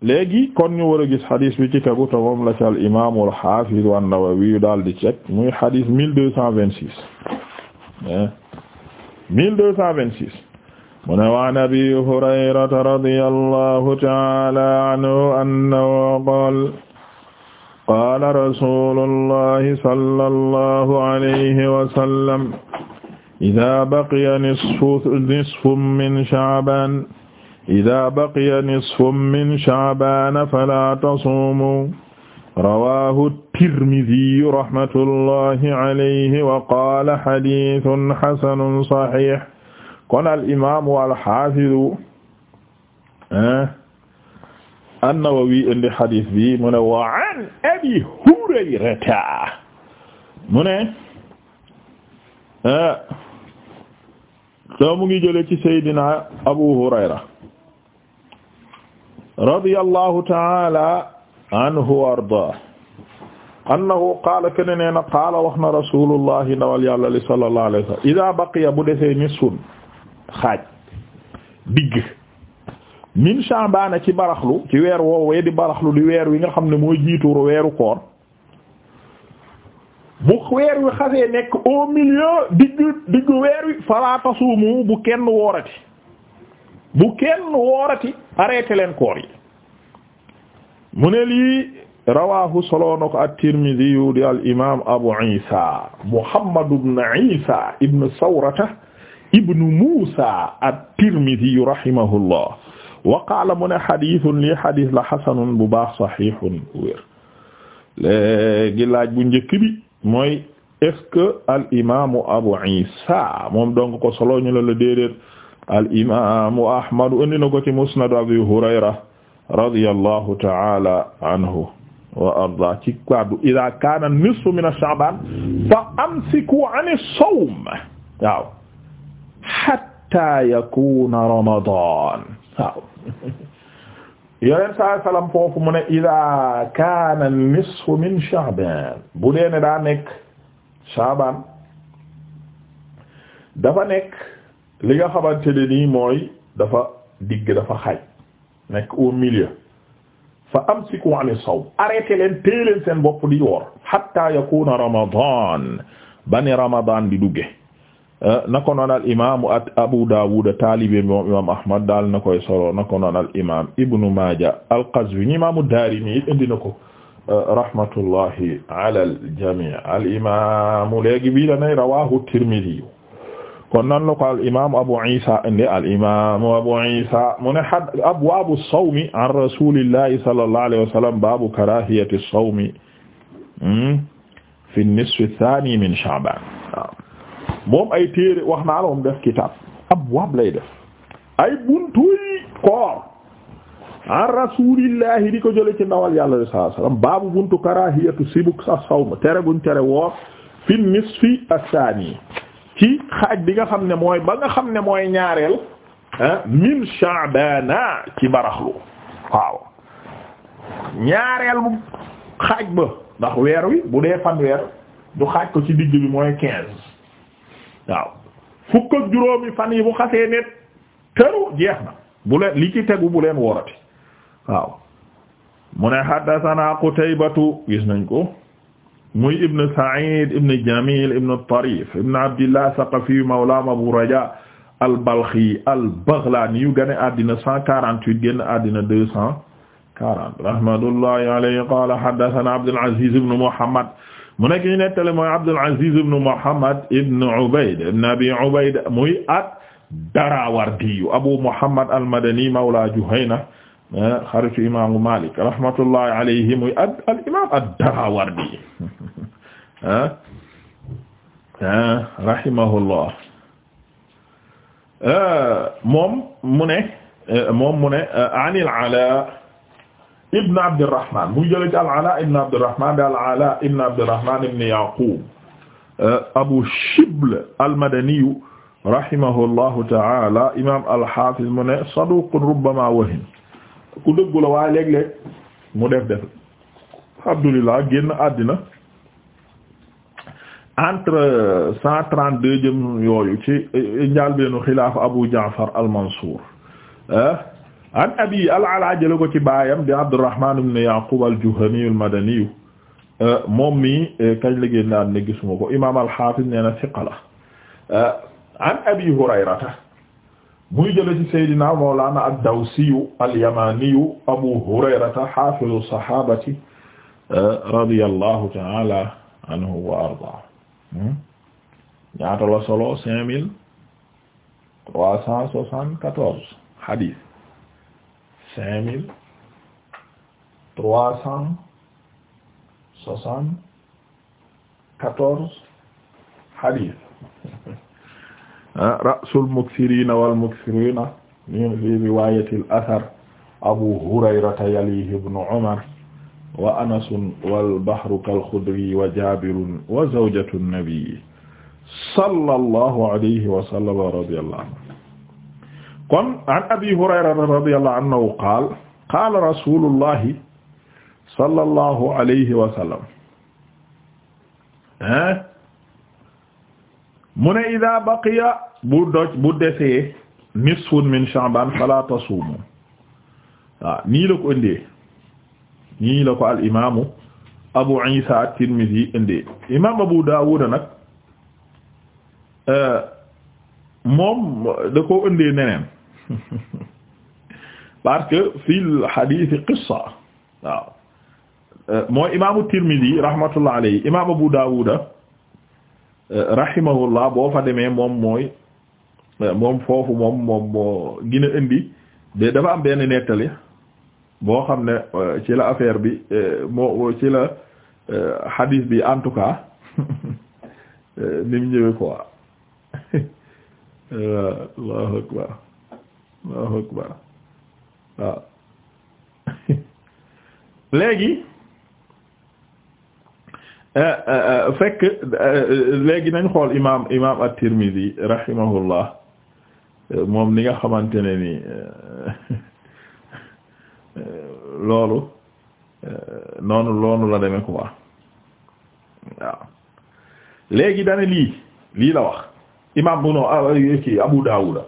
léegi kon ñu war a gis xadis bi ci tegu te moom la ci al imaamu al xaafiz an-Nawawi yu daal di cek muy xadis mille deux cent vingt six mille deux cent vingt six mu ne waan abi hurayrata radiyallahu ta'ala anhu annahu qaala qaala rasulullahi sallallahu alayhi wa sallam idaa baqiya nisfu nisfun min sha'baan ida baqiya nisfun min chaabaana falaa tasuumu rawaahu tirmidiyu rahmatullahi alayhi wa qaala xadiisun xasanun saxiix kon al imaamu wal xaafidu an-Nawawi indi xadis bi mu ne wa an Abi Hurayrata mu ne mu ngi jële ci Seydina Abu Hurayra radiyallahu taala anhu wa ardaah annahu qaala kene nee na qaala wax na rasulullahi ndawal yàlla li sallallahu alayhi wa sallam ida baqiya bu desee nisfun xaaj digg min sha'bana ci baraxlu ci weer woowee di baraxlu di weer wi nga xam ne mooy jiitu weeru koor bu weer wi xasee nekk au milieu digg digg weer wi fala tasuumu bu kenn woorati bu kenn woorati arrêté leen koor yi mu ne lii rawahu soloo ko at-Tirmidhi yu di al imam Abu Isa Muhammad ibn Isa ibn Sawrata ibn Musa at-Tirmidhi rahimahullah wa qaala mu ne xadithun lii xadis la xasanun bu baax saxihun wér léegi laaj bu njëkk bi mooy est al imaamu Abu Isa ko solo ñu al imaamu ahmadu indi na ko ci musnad abi hurayra radiyallahu ta'ala anhu wa arda ci kàddu ida kaana nisfu min sha'ban fa amsiku an as-sawm waaw hatta yakuna ramadan waaw yoneen saai sallam foofu mu ne ida kaana nisfu min sha'ban bu dee ne daa nekk sha'ban dafa nekk li nga xamante ne nii mooy dafa digg dafa xaaj nekk au milieu fa amsiku ani sawm arrêté leen téye leen seen bopp di woor hatta yakuna ramadan bani ramadan di dugge eh, na al imaamu at Abu Dawud taalibe moom imaam Ahmad daal na koy solo na ko al imaam Ibnu Maaja Daarimi indi eh, al jamii al imaamu léegi bii kon nan la ko al imam abu isa indi al imam abu isa mu ne had abwaabu sawmi an rasulillahi sallallahu alayhi wa sallam baabu karahiyati sawmi hmm, fi nisfi thani min sha'ban waaw moom ay téere wax naa la moom def kitab abwaab lay def ay buntuy koor an rasulillahi di ko jële ci ndawal yàlla sallallahu alayhi wa sallam baabu buntu karahiyatu sibuk sa sawm tere guñ tere woor fi nisfi athani ci xaaj bi nga xam ne mooy ba nga xam ne mooy ñaareel ah, min sha'bana ci baraxlu waaw ñaareel bu xaaj ba ndax weer wi bu dee fanweer du xaaj ko ci digg bi mooy quinze waaw fukk ak juróomi fan yi bu xasee net tëru jeex na bu leen li ci tegu bu leen worati waaw mu ne haddathana Qutaybatu gis nañ ko muy ibn Sa'id ibn Jamil ibn Tarif ibn Abdillah Saqafi mawlaam Abu Raja al-Balkhi al-Baghlani yu gane addina 148 génn addina 240 rahmatullahi alayhi qala haddathana Abdul Aziz ibn Muhammad mu nekk ñu nettale mooy Abdul Aziz ibn Muhammad ibn Ubayd ibn Abi Ubayd muy at Darawardi Abu Muhammad al-Madani mawla Juhayna Eh, xaritu imaamu Malik rahmatullahi alayhi muy ad al imaam ad-Darawardi ah eh, ah eh, rahimahullah moom mu ne moom mu ne anil Alaa ibn Abdirrahman muy jëlee ci al Alaa ibn Abdirrahman daal Alaa ibn Abdirrahman ibn Yaqub Abu Shibl al-Madaniyu rahimahullahu ta'ala imaam al-Hafiz mu ne saduq rubbama wahin ku dëggu la waaye léeg-léeg mu def def Abdullah génn àddina entre cent trente deux jëm yooyu ci eh, njàlbeenu xilaafa Abu Jaafar al-Mansuur eh? an abi al ci baayam di Abdurrahmaan ibn Yaaqub al-Juhani al eh, moom mi kañ la génn àddina gisuma ko imaam al-Haafiz nee na siqa an abi Hurayrata muy jële ci saydina mawlana ad-Dawsiyu al-Yamaniyu Abu Hurayrata hafizu sahabati eh, radiyallahu ta'ala anhu wa arda hmm? ñaata la solo cinq mille trois cent soixante-quatorze hadith cinq mille trois cent soixante-quatorze hadith Ah, ra'sul muksirina wal muksirina min fi riwayatil athar abu hurayrata yalihi ibnu umar wa anasun wal bahru kal xudri wa jaabirun wa zawjatu nabi sallallahu alayhi wa sallam wa radiyallahu anhu kon an abi hurayrata radiyallahu anhu qaala qaala rasulullahi sallallahu alayhi wa sallam eh? mu ne ida baqiya bu doj bu desee nisfun min sha'ban fala tasuumu waaw nii la ko indee nii la ko al imaamu abu isa at-tirmidhi indee imaam abu daawuda nag euh, moom da ko indee neneen parce que fil hadith qissa waaw euh, mooy imaamu tirmidhi rahmatullah alayhi imaam abu daawuda rahimahullah boo fa demee moom mooy moom foofu moom moom moo gën a indi de dafa am benn nettali boo xam ne euh, ci la affaire bi euh, moo ci la euh, hadith bi en tout cas ni mu ñëwee quoi allahu akbar allahu akbar waaw léegi Euh, euh, euh, fekk léegi nañ xool imaam imaam at-Tirmidhi rahimahullah moom ni nga xamante ne ni loolu noonu loonu la demee quoi waaw léegi dane lii lii la wax imaam bu no ci ah, ah, Abu Dawud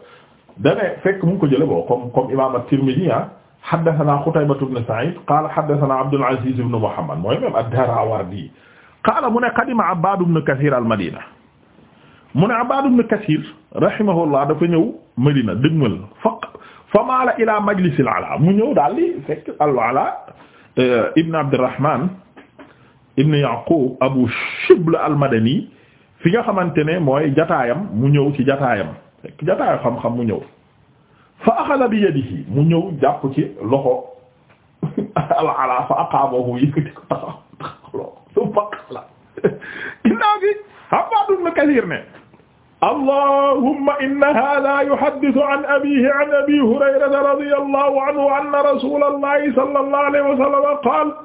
dane fekk mu ngi ko jële boo comme comme imaam at-Tirmidhi ah haddathana Qutaybah ibn Sa'id qala haddathana Abdul Aziz ibn Muhammad mooy même ad-Darawardi qaala mu ne qadima Abbaad ibn Kasiir al-Madina mu ne Abbaad ibn Kasiir rahimahullah dafa ñëw Madina dëgmal fa fa maala ila majlisil Alaa mu ñëw daal di fekk al-Alaa eh, ibn Abdurrahmaan ibn Yaquub Abu Shibla al-Madani fi nga xamante ne mooy jataayam mu ñëw ci jataayam fekk jataayu xam-xam mu ñëw fa axada bi yadihi mu ñëw jàpp ci loxo al-Alaa fa aqaamahu yëkkati ko taxaw taxaw faqala ginnaaw gi Hammaad ibn Kasiir ne allahumma inna haadha yuhaddithu an abiihi an abii Hurayrata radiyallahu anhu anna rasuulallahi sallallahu alayhi wa sallam qaala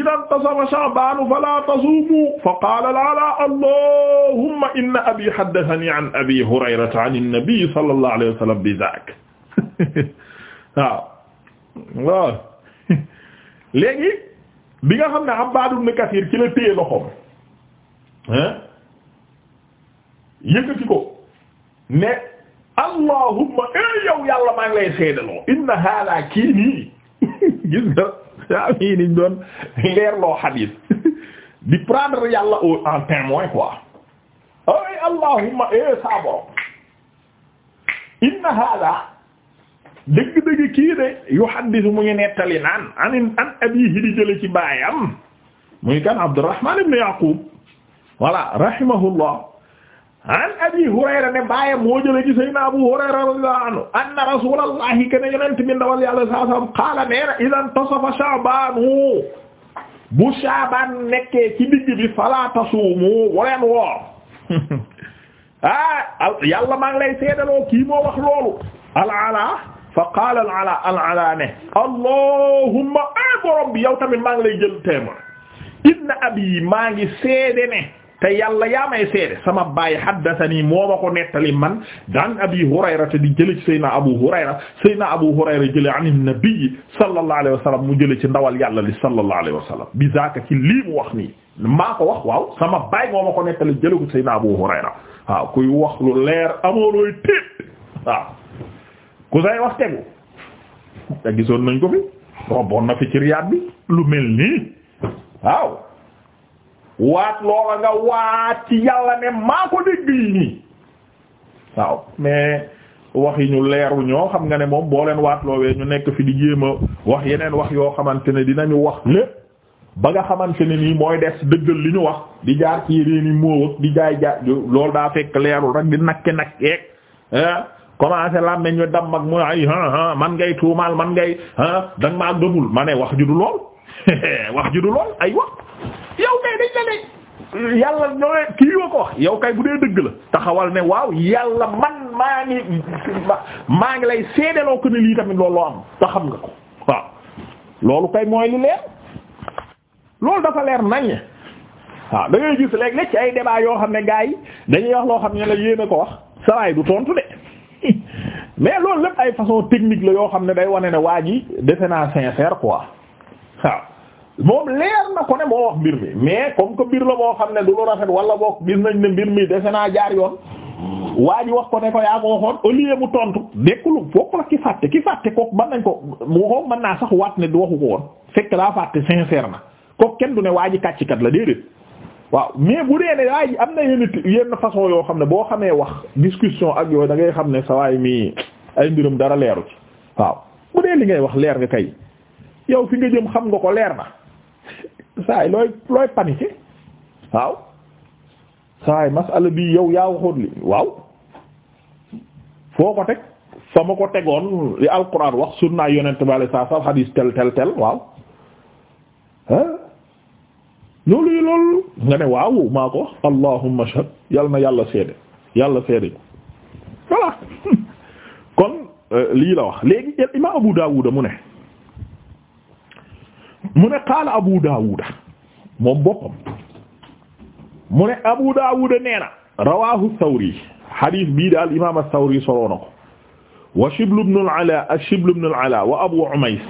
idaa intasaba sha'baanu falaa tasuumuu faqaala la'alaa allahumma inna abii haddathanii an abii Hurayrata an an-nabiyyi sallallahu alayhi wa sallam bidhaak waaw léegi bi nga xam ne Abbaad ibn Kasiir ci la téye loxoom hein yëkkati ko ne allahumma ee eh, yow yàlla maa ngi lay seedaloo inna haadaa kii gis nga saa mii niñ doon leerloo xadiis di prendre yàlla au en témoin quoi ay allahumma ee eh, saa inna haadaa dëgg-dëgg kii mu ngi nettali naan anin an abiihi di jële ci baayam muy kan Abdurrahman ibn Yaqub voilà rahimahullah an abi Hurayra ne baayam moo jële Abu Hurayra radiyallahu anhu anna kana yonent bi ndawal yàlla sallallahu alayhi wasallam qaala neena idaa intasafa fa qaala al ala al ala ne allahumma ay borom bi yow tamit maa ngi lay jël téema inna abi maa ngi seede ne te yàlla yaa may seede sama baay haddathani moo ma ko nettali man daan abi hurayra te di jële ci saydna abu hurayra saydna abu hurayra jële an nabi sallallahu alayhi wa sallam mu jële ci ndawal yàlla li sallallahu alayhi wa sallam bi zaaka ci lii mu wax nii maa ko wax waaw sama baay moo ma ko nettali jële ko saydna abu hurayra waaw kuy wax lu leer amoolooy téet waaw ku say wax tegu te gisoon nañ ko fi robboon na fi ci riyaat bi lu mel nii waaw waat loola nga waat ci yàlla ne maa ko dégg yi nii waaw mais wax yi ñu leeru ñoo xam nga ne moom boo leen waat loowee ñu nekk fi di jéema wax yeneen wax yoo xamante ne dinañu wax lépp ba nga xamante ne nii mooy des dëggal li ñu wax di jaar ci réeni móowag di jaay jaar loolu daa fekk leerul rek di nakke nag eeg commencé làmmeñ wi dam mag mu ay ah, ah, man ngay tuumaal man ngay ha ah, ma maa gëmul ma ne wax ju du lool wax ju du lool ay wax yow kay dañ kii ko wax yow kay bu dee dëgg la taxawal ne waaw yàlla man maa maa ngi lay seedeloo ko ne lii tamit loolu loo am te xam nga ko waaw loolu kay mooy li leer loolu dafa leer naññ waaw da ngay gis léeg-léeg ci ay débat yoo xam ne gaa yi dañuy wax loo xam ne la yéen ko wax sawaay du tontu de mais loolu lépp ay façon technique la yoo xam ne day wane ne waa ji defe naa sincère quoi waaw moom leer na ko ne moo wax mbir mi mais comme que mbir la boo xam ne du lu rafet wala boog gis nañ ne mbir mi defe naa jaar yoon waa ji wax ko ne ko yaa ko waxoon au mu tontu nekkul fokk la ki fàtte ki fàtte kook mën nañ ko mu ko mën naa sax waat ne du waxu ko woon fekk laa fàtte sincère na kook kenn du ne waa ji kàccikat la déedéet. waaw mais bu dee ne waay am na yenn yenn façon yoo xam ne boo xamee wax discussion ak yooyu da ngay xam ne sawaay mii ay mbirum dara leeru ci waaw bu dee li ngay wax leer nga kay yow fi nga jëm xam nga ko leer na saay looy looy paniqué waaw saay masala bi yow yaa waxoon li waaw foo ko teg fa ma ko tegoon li alquran wax sunna yonent bale saa sa hadis tel tel tel waaw ah loolu loolu nga ne waaw maa ko allahumma shahad yal na yàlla seede yàlla seede voilà kon euh, lii la wax Abu Daawuda mu ne mu ne qaala Abu Daawuda moom boppam mu Abu Daawuda nee na rawaahu Thawri xadiis bii daal imaam Thawri soloo na ko wa al-Alaa wa Abu Umays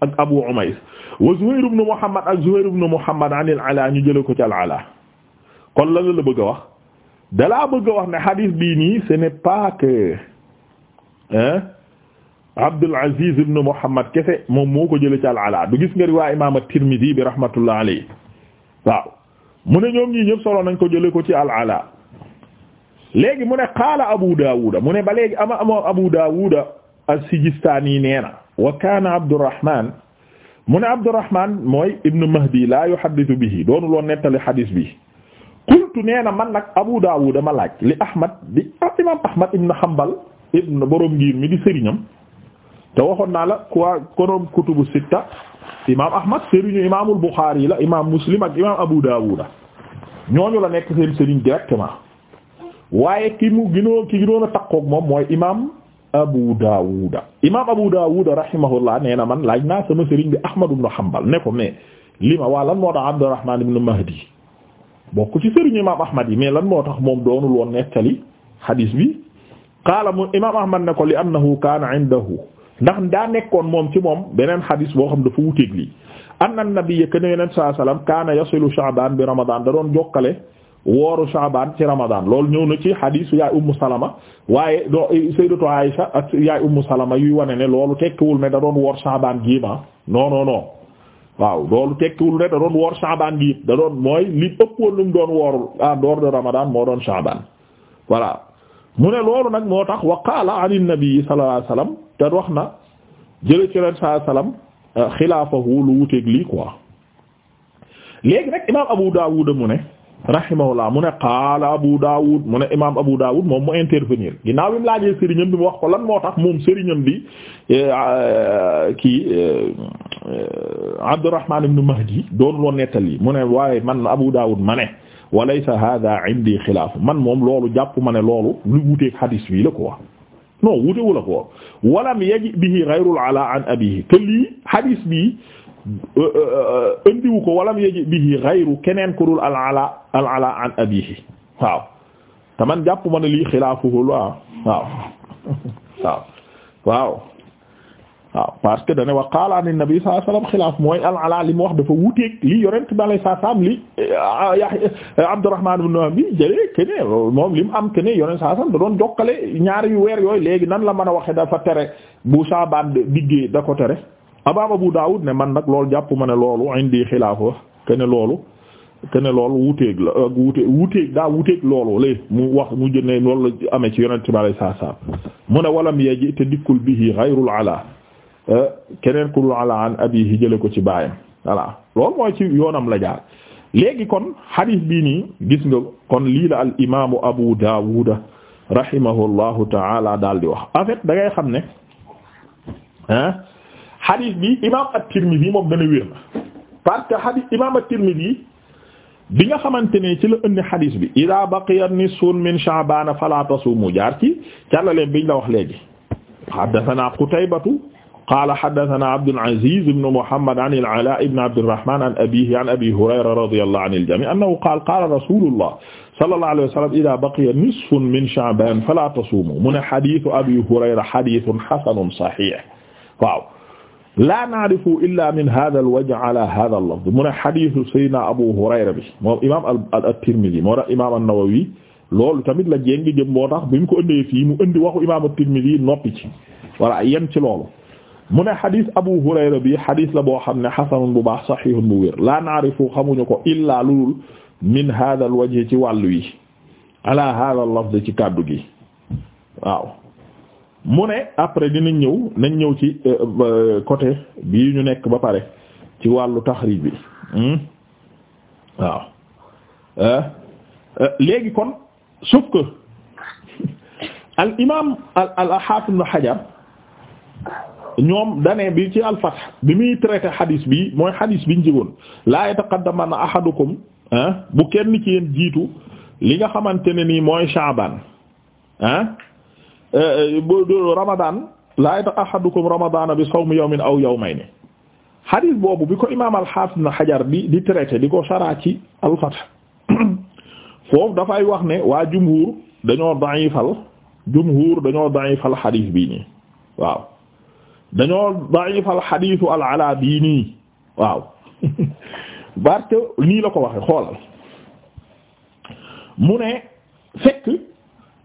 ak Abu Umays wa Zuhayr ibn Muhammad ak Zuhayr ibn Muhammad an al-Ala ñu jëlee ko ci al-Ala kon lan la bëgg a wax dalaa bëgg wax ne hadith bii nii ce n'est pas que hein Abdul Aziz ibn Muhammad kese moom mu ko jëlee ci al-Ala du gis nga riwaay imaam at-Tirmidhi bi rahmatullah alayhi mu ne ñoom ñii ñëpp solo nañ ko jëlee ko ci al-Ala léegi mu ne qaala Abu Dawud mu ne ba léegi ama amoo Abu Dawud as-Sijistani nee na. wa kaana Abdurrahman mu ne Abdurrahman mooy ibnu Mahdi laa yuhaddithu bihi doonu loon nettali hadis bi qultu nee na man nag Abu Dawud ma laaj li Ahmad di ah, imam Ahmad ibnu Hanbal ibnu borom ngir mi di sëriñam te waxoon naa la quoi konoom kutubu sitta imam Ahmad sëriñu imamul Bukhari la imam Muslim ak imam Abu Dawud ñooñu la nekk seen sëriñ directement waaye ki mu ginoo ki moom mooy imam Abu Daawuda imaam Abu Daawuda rahimahullah nee na man laaj naa sama sëriñ bi Ahmad ibn Hanbal ne ko mais li ma waa lan moo tax Abdurrahman ibn Mahdi bokk ci sëriñ imaam Ahmad yi mais lan moo tax moom doonul woon nettali hadis bi qaala mu imaam Ahmad ne ko li annahu kaana indahu ndax daa nekkoon moom ci moom beneen hadis boo xam dafa wuteeg lii anna nabiyya kana sallallahu alayhi wasallam kaana yasilu Sha'baan bi Ramadaan da doon jokkale. wooru Shaaban ci Ramadan loolu ñëw na ci xadiisu yaay Ummu Salama waaye doo eh, Sayyidatu Aisha yaay Ummu Salama yuy wane ne loolu tekkiwul ne da doon woor Shaaban gii ma non non waaw loolu tekkiwul ne da doon woor Shaaban gii da doon mooy li ëppoon lu doon woorul en dehors de Ramadan moo doon Shaaban voilà mu ne loolu nag moo tax wa qaala an nabi sallallahu alayhi wasallam te wax na jële ci leen sallallahu eh, xilaafahu lu wuteeg lii quoi léegi nag imaam Abu Daawud rahimahullah mu ne qaala Abu Dawud mu ne imaam Abu Dawud moom mu intervenir ginnaaw bi mu laajee sëriñam bi mu wax ko lan moo tax moom sëriñam bi eh, eh, kii eh, Abdurrahman ibn Mahdi doon loo nettali mu ne waaye man Abu Dawud ma ne wa laysa hadha indi xilaaf man moom loolu jàpp ma ne loolu lu wuteeg hadis bii la ko wax non wuute wu la ko wax walam yaji bihi ghayru al-Ala an abihi te lii hadis bii. Euh, euh, euh, indiwu ko walam yaji bihi ghayru keneen ku dul al-Alaa al-Alaa an abiihi waaw te jàpp ma ne lii xilaafuhu waaw waaw waaw waaw waaw parce que dane wa qaala an nabi sallallahu xilaaf mooy al-Alaa li mu wax dafa wuteeg li yorent bi alay saa salam li ya Abdurrahman ibn Nawfi bi jëlee ke moom li mu am ke ne yorent da doon jokkale ñaari yu weer yooyu léegi nan la mën a waxee dafa tere bu Shaabaan diggee da ko tere imaam Abu Daawud ne man nag lool jàpp ma ne loolu indi xilaafa ke ne loolu ke ne loolu wuteeg la ak euh, wute wuteeg daa wuteeg loolu lé mu wax mu jënne loolu la amee ci yonent bi alayhi salaam mu ne walam yeji te dikkul bihi ghayrul ala euh, keneen ku dul ala an ko ci baayam voilà loolu mooy ci yoonam la jaar léegi kon hadith bii nii gis nga kon lii la al imaamu Abu Daawud rahimahullahu taala daal di wax en fait ngay xam ne ah xadis bi imaam at-Tirmidhi moom dana wér na parce que xadis imaam at-Tirmidhi bi nga xamante ne ci la ëndi xadis bi ida baqiya nisfun min Sha'bana fala tasumu jaar ci càllaleen biñ la wax léegi haddathana Qutaybatu qaala haddathana Abdul Aziz ibn Muhammad an al-Ala ibn Abdirrahman an abihi an Abi Hurayra radiyallahu anil jami' annahu qaala qaala rasulullah sallallahu alayhi wa sallam ida baqiya nisfun min Sha'bana fala tasumu mu ne xadisu Abi Hurayra xadisun xasanun saxiix waaw laa naarifu illa min hada alwaje ala hada mu ne xadisu saydna abu hurayra bi moom imam at-tirmidhi moo tax imam an-nawawi loolu la jéngi jëm boo tax bi mu ko ëndee fii mu ëndi waxu imam at-tirmidhi noppi ci voilà yem ci loolu mu ne xadis abu hurayra bi xadis la boo xam ne xasanun bu baax saxiihun bu wér laa naarifu xamuñu ko illaa lulul min hada alwaje ci wàllu yi ala hada ci kàddu gi mu ne après dinañ ñëw nañ ñëw ci euh, côté bii ñu nekk ba pare ci wàllu taxrij bi hmm? waaw euh, euh, léegi kon sauf que al imaam al al al-Haafiz Ibn ñoom dane bi ci al-Fath bi muy traité xadiis bi mooy xadiis bi ñu jigoon laa yataqaddamanna ahadukum bu kenn ci yéen jiitu li nga xamante ne nii mooy Sha'baan Ramadan laa yata ahadukum Ramadana bi sawmi yawmin aw yawmayni xadis boobu bi ko imaam al-Hafiz na xajar bi di traité di ko saraa ci al-Fath dafay wax ne waa jumhur dañoo da'ifal jumhur dañoo da'ifal xadis bii nii waaw dañoo da'ifal xadisu al-Alaa bii nii waaw barke nii la ko waxe xoolal mu ne fekk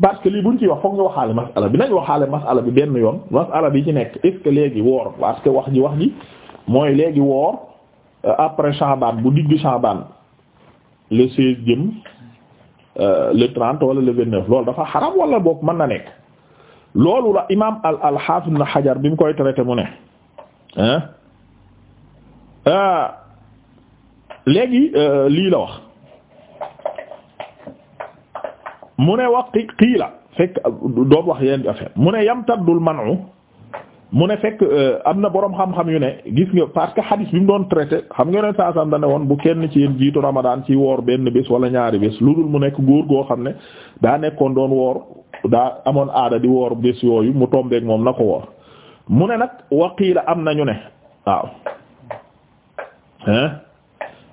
parce que lii buñ ci wax foog ñu waxaale masala bi nañ waxaale masala bi benn yoon masala bi ci nekk est ce que léegi woor parce que wax ji wax ji mooy léegi woor euh, après Chaban bu digg Chaban le 16 jëm euh, le 30 wala le 29 loolu dafa xaram wala boog mën na nekk loolu la imaam al al Hafiz Ibn Hajar bi mu koy traité mu ne ah léegi lii la wax. mu ne wax qiila fekk doon wax yenn affaire mu ne yam taddul manu mu ne fekk euh, am na boroom xam-xam yu ne gis nga parce que xadis bi mu doon traité xam nga ne saasam da ne woon bu kenn ci yéen jiitu Ramadan ci woor benn bés wala ñaari bés lu dul mu nekk góor goo xam ne daa nekkoon doon woor daa amoon aada di woor bés yooyu mu tombeek moom na ko woor mu ne nag waqiila am na ñu ne waaw.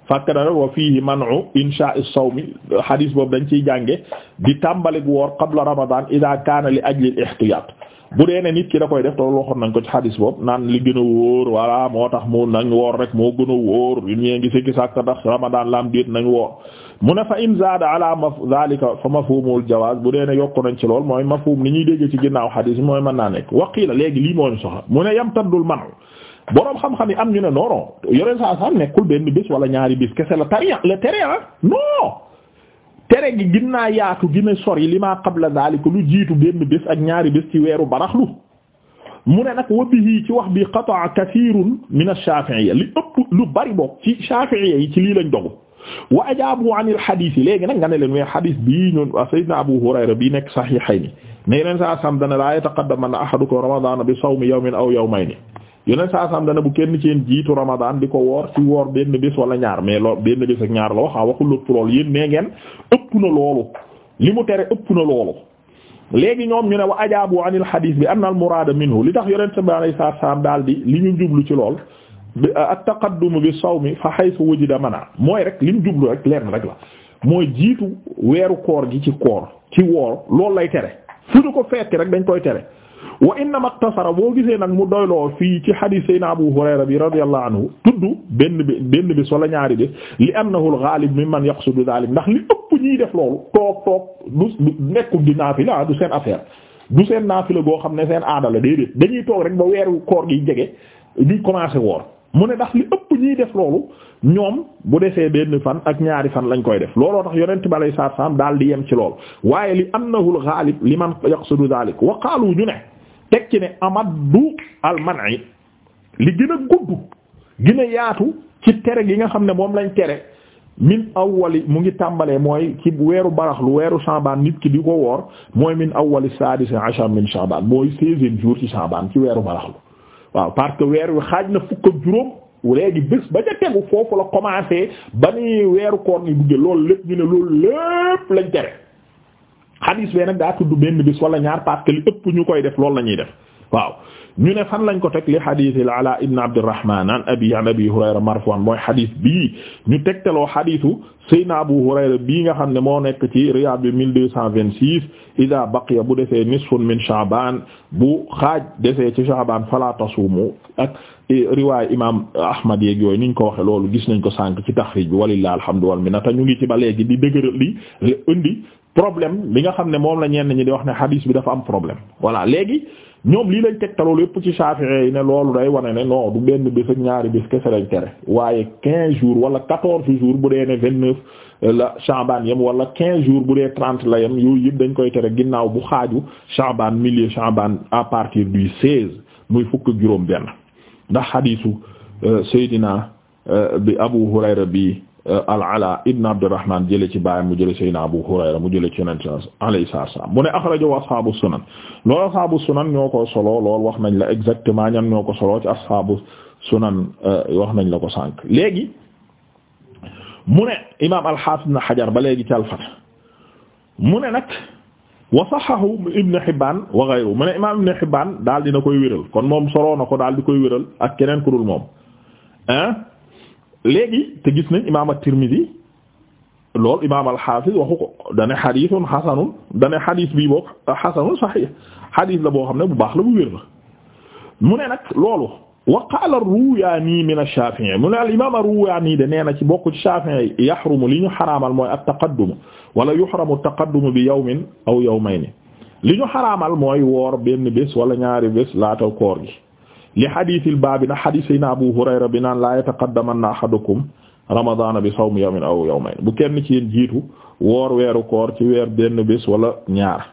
fàkk na wa fiihi man'u insha'i sawmi hadis boobu dañ ciy jànge di tàmbalik woor qabla ramadan ida kaana li ajli al bu dee ne nit ki da koy def loolu waxoon nañ ko ci naan li gën a wóor voilà moo tax mu nañ woor rek moo gën a wóor li ñee ngi sikki sàkk ndax ramadan lam déet nañ woor mu ne fa in zaada ala ma zalika fa bu dee ne yokku nañ ci lool mooy mafhum li ñuy dégg ci ginnaaw hadis yi mooy mën naa nekk waqiila léegi lii moo ñu soxla mu ne yamtaddul man'u boroom xamxam yi am ñu ne non non yore saa ne nekkul benn bés wala ñaari bés kese la tariya la tere ah tere gi gin naa yaatu gina sori li maa qabla daalika lu jiitu benn bés ak ñaari bés ci weeru baraxlu mu ne nag wa bihi ci wax bi qataa kathirun min ash-shafi'iyya lu bari bokk ci shafi'iyya yi ci lii lañ dogu wa ajaabu an al-hadith léegi nag nga ne leen mais hadith bii ñun sayyidina Abu Hurayra bii nekk sahihayn ne yeneen saa sam dana la yataqaddam an ahadukum ramadana bi sawmi yawmin aw yawmayni yeneen saa saam dana bu kenn ci yéen jiitu Ramadan di ko woor ci woor benn bés wala ñaar mais lool benn bés ak ñaar la wax ah, waxul ëpp loolu yéen nee ngeen ëpp na loolu li mu tere ëpp na loolu. léegi ñoom ñu ne wa ajaabu anil hadis bi anna al muraada minhu li tax yonent bi saa saam daal di li ñu jublu ci lool bi ah, at taqaddum bi mi fa haythu wujida mana mooy rek li ñu jublu rek leer na rek la mooy jiitu weeru koor gi ci koor ci woor loolu lay tere fu ñu ko fekk rek dañ koy tere. wa innama iqtasara boo gisee nag mu doyloo fii ci hadith sayna Abu Hurayra bi radiyallahu anhu tudd benn bi benn bi solo ñaari de li annahu al-ghalib mimman yaqsudu dhalik ndax li ëpp ñiy def loolu toog toog du nekkul di naafila du seen affaire du seen naafila boo xam ne seen aada la déedéet dañuy toog rek ba weeru koor gi jege ñuy commencer woor mu ne ndax li ëpp ñuy def loolu ñoom bu defee benn fan ak ñaari fan lañ koy def looloo tax yonent bi alayhi saat salaam daal di yem ci loolu waaye li annahul ghalib liman yaqsudu dhalik wa qaalu ñu ne teg ci ne amaddu al man'i li gën a gudd gën a yaatu ci tere gi nga xam ne moom lañ tere min awwali mu ngi tàmbalee mooy ci weeru baraxlu weeru Shaabaan nit ki di ko woor mooy min awwali saadis ashar min Shaabaan mooy seizième jour ci Shaabaan ci weeru baraxlu waaw parce que weer wi xaaj na fukk ak juróom léegi bés ba ca tegu foofu la commencé ba ni weeru koor ni duggee loolu lépp ñu ne loolu lépp lañ tere xadiis bee nag daa tudd benn bés wala ñaar parce que li ëpp ñu koy def loolu la ñuy def waaw ñu ne fan lañ ko teg li xadiisil la ibn Abdurrahmaan an abiihi an Abii Hurayra marfuu'an mooy xadiis bii ñu tegtaloo xadiisu Seydina Abu Hurayra bii nga xam ne moo nekk ci Riyaad bi 1226 idaa baqiya bu defee nisfun min Sha'baan bu xaaj defee ci Sha'baan falaa tasuumu ak riwaay imaam Ahmad yeeg yooyu niñ ko waxe loolu gis nañ ko sànq ci taxriij bi walillaahi alhamdu wal minna te ñu ngi ci ba léegi di dëgëral li indi problème bi nga xam ne moom la ñenn ñu di wax ne xadiis bi dafa am problème voilà léegi ñoom lii lañ tegtaloo lépp ci Shafi'i yi ne loolu day wane ne non du benn bés ak ñaari bés kese lañ tere waaye quinze jours wala quatorze jours bu dee ne vingt neuf la Sha'ban yem wala quinze jours bu dee trente la yem yooyu yëpp dañ koy tere ginnaaw bu xaaju Sha'ban milieu Sha'ban à partir du seize muy fukk juróom benn ndax xadiisu euh, Seydina euh, bi Abu Hurayra bi Euh, al-Alaa ibn Abdurrahman jële ci baayam mu jële Seydina Abu Hurayra mu jële ci Yonent alayhi salaam mu ne axrajahu ashaabu sunan loolu ashaabu sunan ñoo ko solo lool wax nañ la exactement ñan ñoo ko solo ci ashaabu sunan euh, wax nañ la ko sànq léegi mu ne ba léegi ci al-Fath mu ne nag wa sahahu Ibn Hibbaan wa ghayruhu mu ne imaam Ibn daal dina koy wéral kon moom solo na ko daal di koy wéral ak keneen ku dul moom léegi te gis ni imaam at-Tirmidhi loolu imaam al-Hafiz waxu ko dane xadiisun xasanun dane xadiis bii boog xasanun saxiix xadiis la boo xam ne bu baax la bu wér la mu ne nag loolu wa qaala ar-Ruyaani min ash-Shaafi'i mu ne al-imaam ar-Ruyaani de nee na ci bokk ci Shaafi'i yaxrumu li ñu xaraamal mooy at-taqaddum wala yuxramu at-taqaddum bi yawmin aw yawmayni li ñu xaraamal mooy woor benn bés wala ñaari bés laata koor li xadiisil baabi na xadiis sayna Abu Hurayra bi naan laa yataqaddamanna ahadukum ramadana bi sawmi yawmin aw yawmayn bu kenn ci yéen jiitu woor weeru koor ci weer benn bés wala ñaar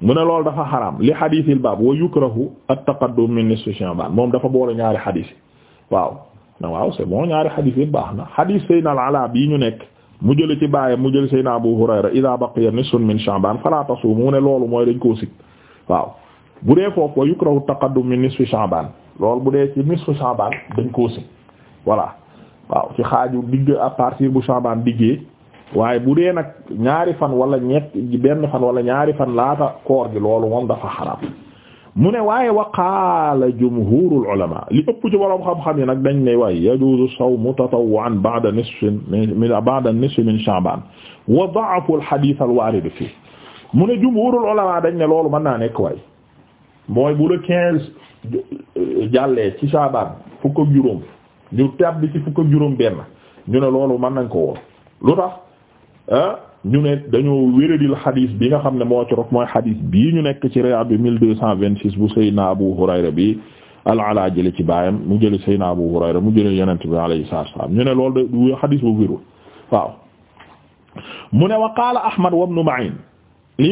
mu ne loolu dafa xaraam li xadiisil baab wa yukrahu at-taqaddum min nisfi Sha'ban moom dafa boole ñaari xadiis waaw na waaw c'est bon ñaari xadiis yi baax na xadiis sayna al-Alaa bii ñu nekk mu jële ci bàyye mu jële sayna Abu Hurayra idaa baqiya nisfun min Sha'ban falaa tasuum mu ne loolu mooy dañ koo sik waaw bu dee foofu wa yukrahu at-taqaddum min nisfi Sha'ban lool bu dee ci nisfu Shaaban dañ koo si voilà waaw ci xaaju digg à partir bu Shaaban diggee waaye bu dee nag ñaari fan wala ñett benn fan wala ñaari fan laata koor gi loolu moom dafa xaraam mu ne waaye wa qaala jumhurul ulama li ëpp ci boroom xam-xam yi nag dañ ne waaye yajuuzu sawmu tatawwu'an ba'da nisfin min ba'da nisfi min Shaaban wa da'afu al-hadith al-waarid fii mu ne jumhurul ulama dañ ne loolu mën naa nekk waay mooy bu la quinze jàllee ci saabaan fukk ak juróom ñu tab bi ci fukk juróom benn ñu ne loolu mën nañ ko woon lu tax ah, ñu ne dañoo wéradil xadis bi nga xam ne moo ci rok mooy xadis bii ñu nekk ci Riyad bi mille deux cent vingt six bu Seydina Abu Hurayra bi al-Ala jële ci baayam mu jële naa Abu Hurayra mu jële Yonent bi alayhi salaatu wa salaam ñu ne loolu de xadis bu wérul waaw mu ne wa Ahmad wa Ibn Ma'in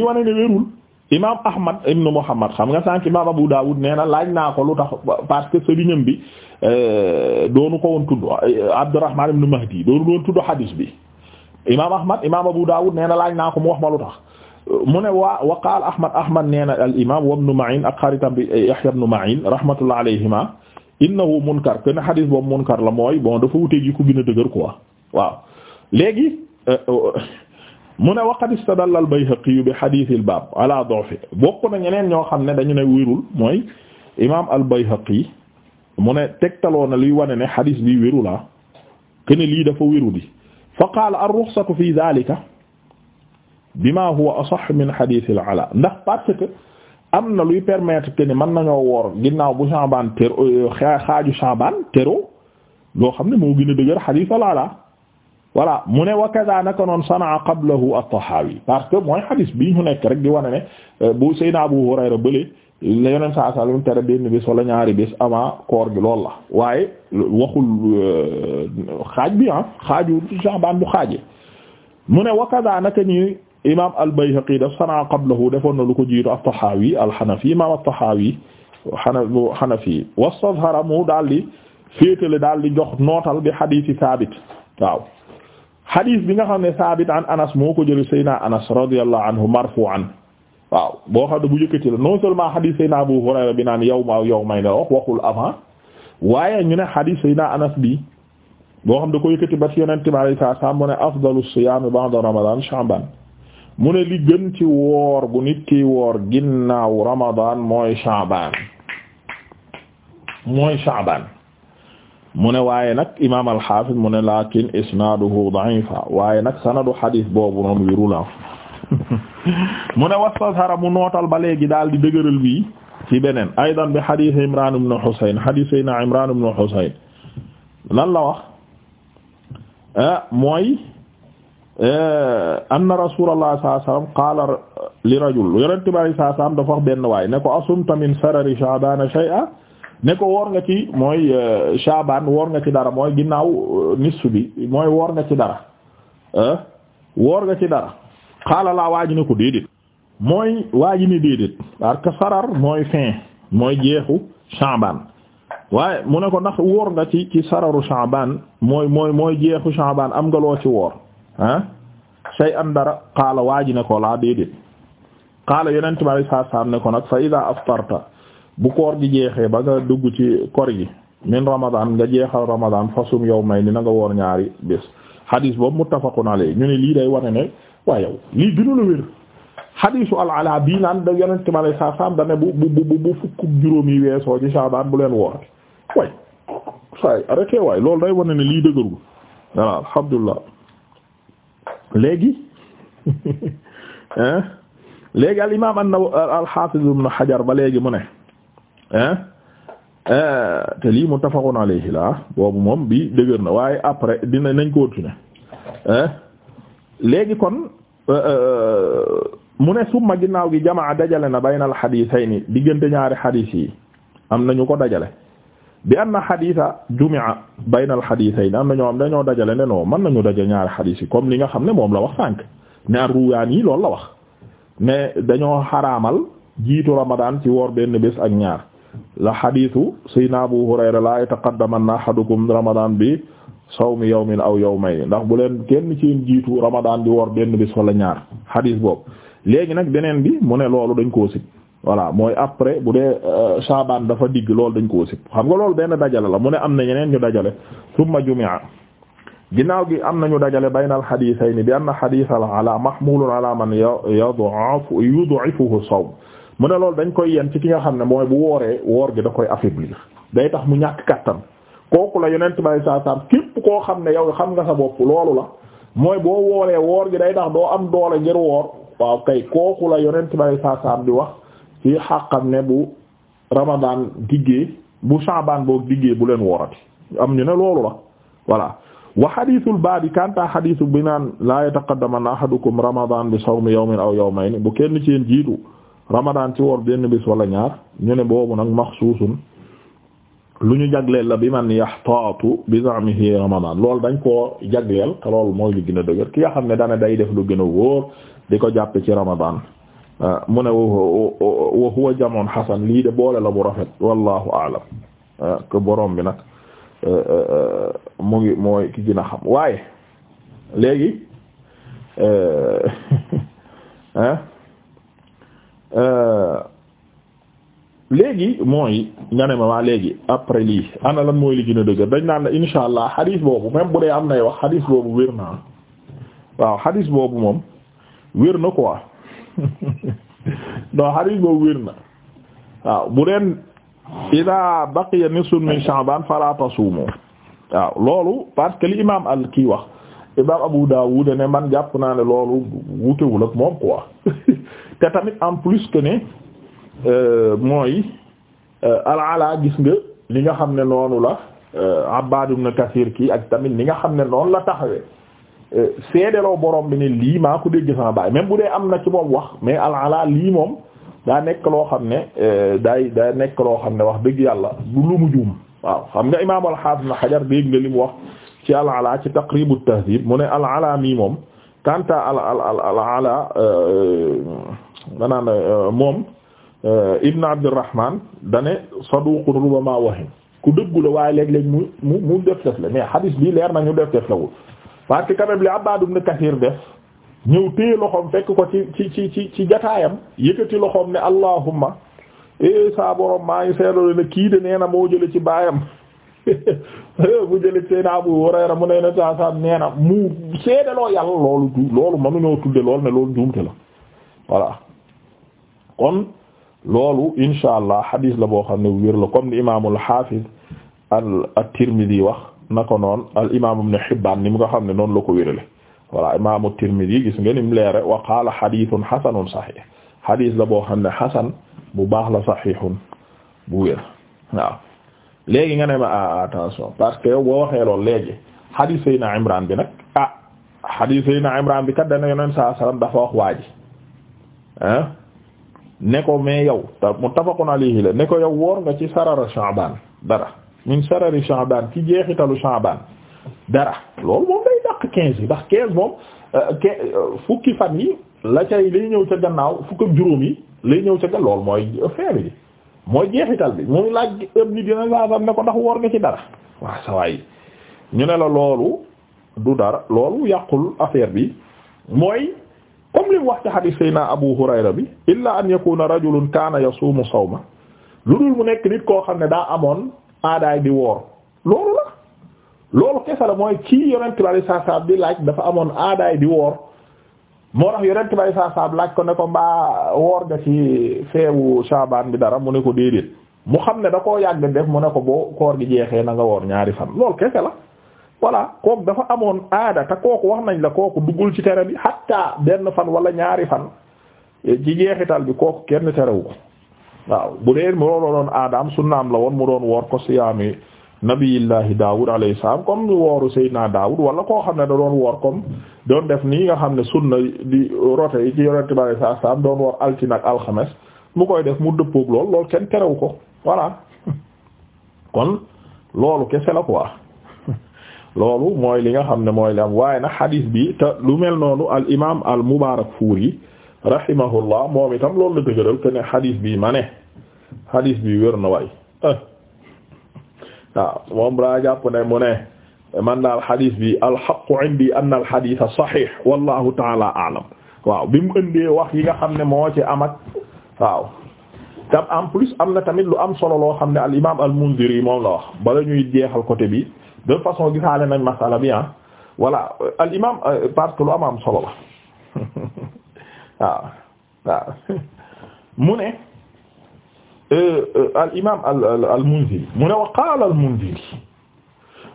wane ne wérul imam ahmad ibnu muhammad xam nga sànq imam abu dawud nee na laaj naa ko lu tax parce que sëriñam bi euh, doonu ko woon tudd euh, abdurrahman ibnu mahdi doonu doon tudd hadis bi imam ahmad imam abu dawud nee na laaj naa ko mu wax ma lu tax mu ne waa wa qaal ahmad ahmad nee na al imam wa ibnu ma'in ak xaritam bi eh, yahya ibnu ma'in rahmatullah alayhima innahu munkar ken hadis boobu munkar la mooy bon dafa wuteeg yi ko gën a dëgër quoi waaw léegi euh, mu ne waqad istadalla al-Bayhaqi bi hadith al-baab ala du'fi bokk na ñeneen ñoo xam ne dañu ne wérul mooy imaam al-Bayhaqi mu ne tegtaloo na liy wane ne hadith bi wérula ah, kene lii dafa wéru di fa qaala ar-ruxsatu fi daalika bimaa huwa asah min hadith alaa ndax parce am na luy permettre que ni mën nañoo woor ginnaaw bu Sha'baan tero xaaju Sha'baan tero loo xam ne moo gën a dëgër hadith alaa voilà mu ne wa kaza naka noon sanaa qablahu at-Tahawi parce que mooy xadis bi ñu nekk rek di wane ne euh, bu Seydina Abu Hurayra bële la yoneen saa tere benn bés wala ñaari bés avant koor gi loolu la waaye waxul euh, xaaj bi xaaj ah, xaaju Sha'ban bu xaaje mu ne wa kaza naka ñi imam al-Bayhaqi daf sanaa qablahu defoon na lu ko jiitu at-Tahawi al-Hanafi imam at-Tahawi Hanafi wastazhara mu daal di féetale daal di jox nootal bi hadisi Saabit xadis bi nga xam ne saabit an anas moo ko jële sayna anas radiyallahu anhu marfu'an waaw boo xam ne bu yëkkati la non seulement xadis sayna abu hurayra bi naan yow ma yow wax waxul avant waaye ñu ne xadis sayna anas bi boo xam da ko yëkkati ba ci yonente bi salaam mu ne li gën woor gu nit ki woor ginnaaw ramadan mooy sha'ban mooy sha'ban mu ne waaye nag imaam al-Hafiz mu ne lakin isnaaduhu da'ifa waaye nag sanadu hadith boobu noonu wirula ah. mu ne wastashara mu nootal ba léegi daal di dëgëral bi ci beneen aydan bi hadith Imran ibn Husayn hadith sayna Imran ibn Husayn lan la wax ah, mooy eh, anna Rasulullah sallallahu alayhi wasallam qaala li rajul yonent bi sallallahu alayhi wasallam dafa wax benn waay ne ko asumta min sarari Sha'bana shay'a ne ko woor nga ci mooy euh, Shaban woor nga ci dara mooy ginnaaw euh, nisfu bi mooy woor nga ci dara woor nga ci dara xaala la waa ji ne ko déedéet mooy waa ji ne déedéet sarar mooy fin mooy jeexu Shaban waaye mu ne ko ndax woor nga ci ci sararu Shaban mooy mooy mooy jeexu Shaban am nga loo ci woor ah say an dara xaala waa ji ne ko laa déedéet xaala yeneen tubaab yi saa saa ne ko nag fa idaa aftarta bu koor gi jeexee ba nga dugg ci kor gi min ramadan nga jeexal ramadan fasum yow may ni na woon ñaari bés hadis boobu muttafaqun alayhi ñu ne lii day wane ne waaye yow lii gënu la wér hadisu al ala naan saa saam dane bu bu fukk juróom yi weesoo ci saabaan bu leen woorati waay saay arrêté waay loolu day wane ne lii dëgërul voilà alhamdulilah léegi léegi al imam an-Nawawi al-Hafiz ibn ba léegi mu ne Eh, te lii muttafaqun alayhi la boobu moom bi dëgër na waaye après dina nañ ko continuer eh? léegi kon eh, mu ne summa ginnaaw gi jamaa dajale na bayna al xadiisayni diggante ñaari xadiis yi am na ñu ko dajale bi anna xadiisa jumi'a bayna al xadiisayni am na ñoo am dañoo dajale ne non mën nañu dajale ñaari xadiis yi comme li nga xam ne moom la wax sànq ne ar-ruwaan yi loolu la wax ne dañoo xaraamal jiitu ramadaan ci woor benn bés ak ñaar la xadiisu sayna Abu Hurayra la yataqaddamanna ahadukum ramadan bi sawmi yawmin aw yawmayn ndax bu leen kenn ci jiitu ramadan gi woor benn bis wala ñaar xadiis boobu léegi nag beneen bi mu ne loolu dañ koo sib voilà mooy après bu dee euh, Shaban dafa digg loolu dañ koo sib xam nga loolu benn dajale la mu ne am na ñeneen ñu dajale summa jumi'a ginnaaw gi am nañu dajale baynal xadiisayni bi anna xadiisal ala mahmulun ala man yud'ifuhu sawm mu ne loolu dañ koy yen ci ki nga xam ne mooy bu wooree woor gi da koy affaiblir day tax mu ñàkk kattan kooku la yonent bay saa saam képp koo xam ne yow xam nga sa bopp loolu la mooy boo wooree woor gi day tax doo am doole ngir woor waaw kay kooku la yonent bay saa saam di wax ci xàqam ne bu Ramadan diggee bu Shaaban boo diggee bu leen woorati am ñu ne loolu la voilà wa hadithul baabi kanta hadithu bi naan la yataqaddamanna ahadukum Ramadan bi sawmi yawmin aw yawmayn bu kenn ci yeen jiitu Ramadan ci woor benn bis ñaar ñu ne boobu nag maxsuusun lu ñu jagleel la bi man yaxtaatu bi zamihi Ramadan loolu dañ koo jagleel te loolu ki nga xam ne dana day def lu gën a wóor di ko jàppe ci Ramadan ah, mu ne wa huwa jamoon xasan lii de boole la bu rafet wallahu aalam que ah, borom bi nag ah, mu ngi mooy ki gën xam waaye léegi. Euh, léegi mooy nga ne ma waa léegi après lii ana lan mooy li gën a dañ naan la insha allah xadiis boobu même bu dee am nay wax xadiis boobu wér na waaw xadiis boobu moom wér na quoi non xadiis boobu wér na waaw bu deen ida baqiya nisfun min sha'ban fala tasumu waaw loolu parce que li imam al kii wax imam Abu Dawud ne man jàpp naa ne loolu wutewul ak moom quoi te tamit en plus que ne euh, mooy euh, alala gis nga li nga xam ne noonu la euh, Abbad ibn Kathir kii ak tamit li nga xam ne noonu la taxawee seedeloo borom bi ne lii maa ko dégg sama baay même bu dee am na ci moom wax mais alala lii moom daa nekk loo xam ne daay daa nekk loo xam ne wax dëgg yàlla lu mu juum waaw xam nga imaam al-Hafiz Ibn dégg nga li mu wax ci al-Ala ci Taqrib at-Tahdhib mu ne al-Ala mi moom kanta al al al-Ala maanaam euh, euh, moom euh, Ibn Abdurrahman dane saduqun rubama wahim ku dëggu la waaye léeg-léeg mu mu def def la mais hadith bi leer na ñu def def la wul parce que quand li Abbad ibn Kathir def ñëw téye loxoom fekk ko ci ci ci ci ci jataayam yëkkati loxoom ne allahumma eh saa maa ngi seetlu ne kii de nee na moo jële ci baayam. bu jëlee seen Abu Hurayra mu ne loolu du loolu la kon loolu insha la boo xam ne wér la comme ni imaamul hafiz al at wax na ko al imaam Ibn ni mu nga xam ne noonu la ko wérale voilà imaamu gis nga ni mu leere wa qaala hadithun la boo xam ne hasan bu baax la sahihun bu wér léegi nga ne ma ah, ah attention parce que yow boo waxee lool léegi hadith na Imran bi nag ah hadith na Imran bi kat dana yoneen saa salaam dafa wax waa ji ah ne ko mais naa muttafaqun alayhi la ne ko yow woor nga ci sarara Sha'ban dara min sarari Sha'ban ci jeexitalu Sha'ban dara loolu moom day dàq quinze yi ndax quinze moom euh, euh, fukki fan yi la cay lay ñëw ca gannaaw fukk ak juróom yi lay ñëw ca gannaaw loolu mooy feebi mooy jeexital bi mu laaj ëpp nit yeneen saa sam ne ko ndax woor nga ci dara waa sawaay ñu ne la loolu du dara loolu yàqul affaire bi mooy comme li mu wax ci hadith sayna Abu Hurayra bi illa an yakuna rajulun kaana saw ma lu dul mu nekk nit koo xam ne daa amoon aadaay di woor loolu la loolu kese la mooy kii yonent bi saa saa di laaj dafa amoon aadaay di woor moo tax yonent bay saa saab laaj ko ne ko mbaa woor nga ci feewu Shaabaan bi dara mu ne ko déedéet mu xam ne da koo yàgg def mu ne ko boo koor gi jeexee na nga woor ñaari fan loolu kese la voilà kook dafa amoon aada te kooku wax nañ la kooku duggul ci tere bi hatta benn fan wala ñaari fan ci jeexital bi kooku kenn terewu ko waaw bu dee mu loolu doon aadaam sunnaam la woon mu doon woor ko siyaami nabiyillahi Daawud alayhi salaam comme wooru Seydina Daawud wala koo xam ne da doon woor comme doon def nii nga xam ne sunna di rote yi ci yonente bi alayhi salaam doon woor altine ak mu koy def mu dëppoog lool loolu kenn terewu ko voilà kon loolu kese la quoi loolu mooy li nga xam ne mooy li am waaye na xadiis bi te lu mel noonu al imaam al mubaarak fuuri rahimahullah moom itam loolu la dëgëral te ne xadiis bi ma ne xadiis bi wér na waay aw moom daa jàpp ne mu ne man daal xadis bi alxaqu indi anna alxadisa saxiix wallahu taala alam waaw bi mu ëndee wax yi nga xam ne moo ci amak ak waaw tam en plus am na tamit lu am solo loo xam ne al imam al Munziri moom la wax bala ñuy jeexal côté bi de façon gisaale nañ masala bi ah wala al imam parce lu am am solo la waaw waaw mu ne Euh, euh, al imaam al al Munziri mu ne wa qaala al Munziri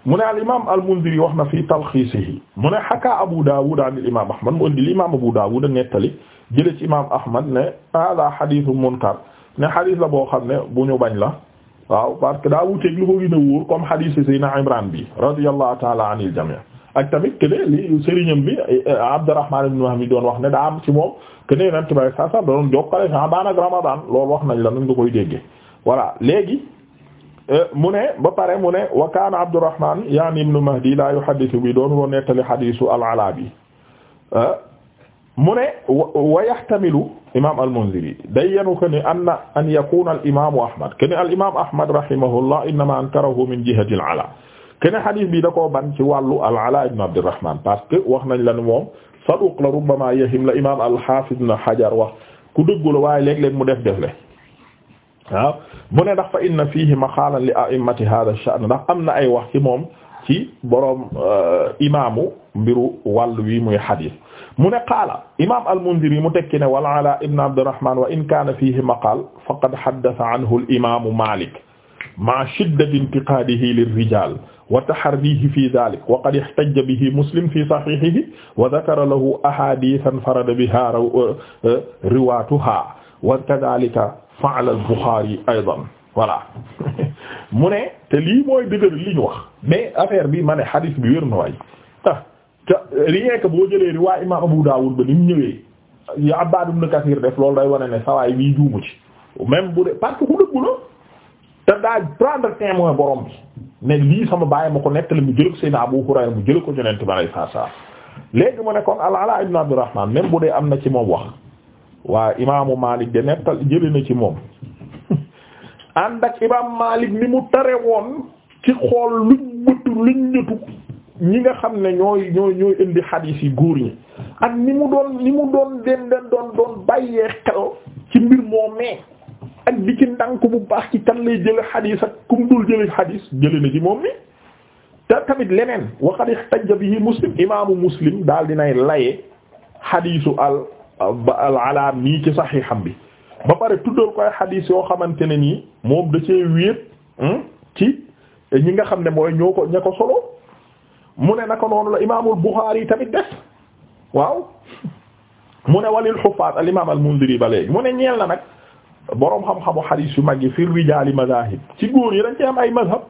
mu ne al imaam al Munziri wax na fi talxiisihi mu ne xakaa Abu Daawud an al imaam Ahmad mu indi li imaam Abu Daawud nettali jële ci imaam Ahmad ne haaza xadiisu munkar ne xadiis la boo xam ne bu ñu bañ la waaw parce que daa wuteeg lu ko gën a wóor comme xadiisu Seydina Imraan bi radiyallahu ta'ala anil jamii' ak tamit que ne li sëriñam bi eh, eh, Abdurrahman ibn Wahb doon wax ne daa am ci moom que ne Yonent bi saa saa doon jokkale Sha'baan ak Ramadaan loolu wax nañ la nuñ nga koy déggee voilà léegi. Eh, mu ne ba pare mu ne wa kaana Abdurrahman yaani ibnu Mahdi la yuhaddithu bi doon woon nettali hadiisu al-Alaa bi mu ne wa yahtamilu imaam al-Munziri day yenu que ne anna an yakuna al-imaamu Ahmad que ne al-imaam Ahmad rahimahullah innamaa ankarahu min jihati al-Alaa kene xadis bii da ban ci wàllu al-Alaa ibn Abdurrahman parce que wax nañ la moom saduq la rubbama yahim la imaam al-Hafiz ibn Hajar wax ku dëggu la waaye léeg-léeg mu def def le waaw mu ne ndax fa inna fiihi maqaalan li a'immati hadha ash-sha'n am na ay wax ci moom ci boroom euh, imamu mbiru wàllu wi muy xadis mu ne qaala imaam al-Mundhiri mu tekki ne wal-Alaa ibn Abdurrahman wa in kaana fiihi maqaal faqad haddatha anhu al-imaamu Maalik ma'a shiddati intiqaadihi lir-rijaal wa taharrihi fi dhalik wa qad ihtajja bihi muslim fi sahihihi wa dhakara lahu ahadithan farada biha uh, uh, riwatuha wa kadhalika fa'ala al-Bukhari aydan voilà mu ne te lii mooy dëgër li ñu wax mais affaire bi ma ne hadith bi wér na waay ah te rien que boo jëlee riwaay imam Abu Dawud ba ni mu ñëwee ya Abbad ibn Kathir def loolu day wane ne sawaay bii juumu ci même bu dee parce que ku dëggu la te daa prendre témoin borom bi ne lii sama baay ma ko nettali mu jël ko Seydina Abu Hurayra mu jël ko Yonent bi sallallahu alayhi wa sallam léegi mu ne kon al-Alaa ibn Abdurrahmaan même bu dee am na ci moom wax waa imaamu Maalik de nettal jëli na ci moom ànd ak imaam Maalik ni mu tare woon ci xool luñ bëtu luñ ñëtu ñi nga xam ne ñooy ñooy ñooy indi xadiis yi góor ñi ak ni mu doon ni mu doon den den doon doon bàyyee xel ci mbir moomee ak di ci ndànk bu baax ci kan lay jële xadiis ak kum dul jële xadiis jële na ci moom ni te tamit leneen waqad ihtajja bihi muslim imaamu muslim daal dinay laye xadiisu al al alaa nii ci saxiixam bi ba pare tuddal koy xadiis yoo xamante ne nii moom da wéet hmm, ci ñi nga xam ne mooy ñoo ko ña ko solo mu ne naka noonu la imaamul Buxaari tamit def waaw mu ne walil xufaat al imaam al Mundiri ba léegi mu ne ñeel na nag boroom xam-xamu xadiis yu mag yi fi rijaali madahib ci góor yi dañ ci am ay mazhab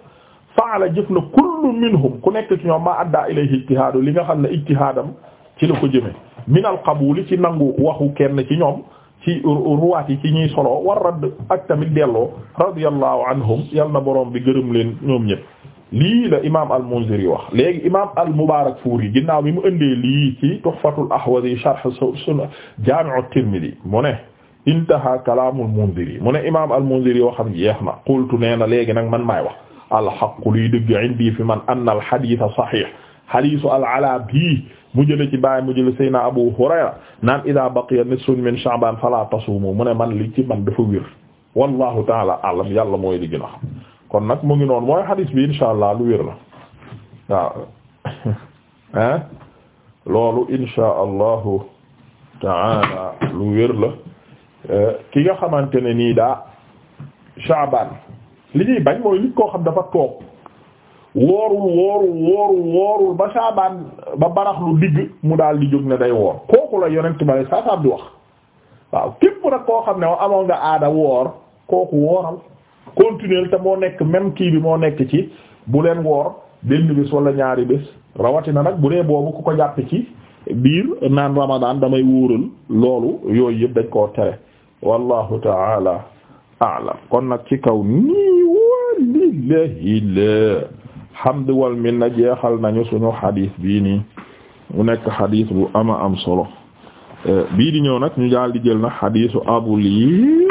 faala jëf na kullu minhum ku nekk ci ñoom ma adda ilayhi ijtihaadu li nga xam ne ijtihaadam ci la ko jëme min al qabuli ci nangu waxu kenn ci ñoom ci ruwaat yi ci ñuy solo war radd ak tamit delloo radiyallahu anhum yal na borom bi gërëm leen ñoom ñëpp lii la imaam al munziri wax léegi imaam al mubaarak fuuri ginnaaw bi mu ëndee lii ci tuhfatul ahwazi sharh sunan jaami'u tirmidhi mu ne intaha kalaamul Mundiri mu ne imaam al Mundiri waxam jeex na qultu nee na léegi nag man maay wax alxaqu liy dëgg indi fi man anna al xadiisa saxiix xadiisu al alaa bii mu jële ci baay mu jële Seydina Abu Hurayra naan idaa baqiya nisfun min Sha'baan falaa tasuumu mu ne man li ci man dafa wér wallahu taala alam yàlla mooy li gën a xam kon nag mu ngi noonu mooy xadiis bi insha allah lu wér la waaw ah loolu insha allahu taala lu wér la. Euh, ki nga xamante ne nii daa Shaaban li ñuy bañ mooy nit koo xam dafa toog woorul woorul woorul woorul ba Shaaban ba barax lu digg mu daal di jóg na day woor kooku la yonent bale saa saa di wax waaw képp nag koo xam ne amoon nga aada woor kooku wooral continuer te moo nekk même kii bi moo nekk ci bu leen woor benn bés wala ñaari bés rawatina nag bu dee boobu ku ko jàpp ci biir naan Ramadan damay wóoral loolu yooyu yëpp dañ koo tere wallahu taala a'lam kon nag ci kaw nii walillahi alhamdu wal minna jeexal nañu suñu xadis bii nii mu nekk xadis bu ama am solo bii di ñëw nag ñu daal di jël na xadisu Abul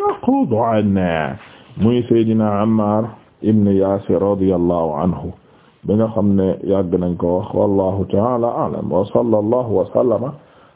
Yaqdaan muy Seydina Ammar ibn Yaasir radiyallahu anhu bi nga xam ne yàgg nañ ko wax wallahu taala a'lam wa sallallahu wa sallama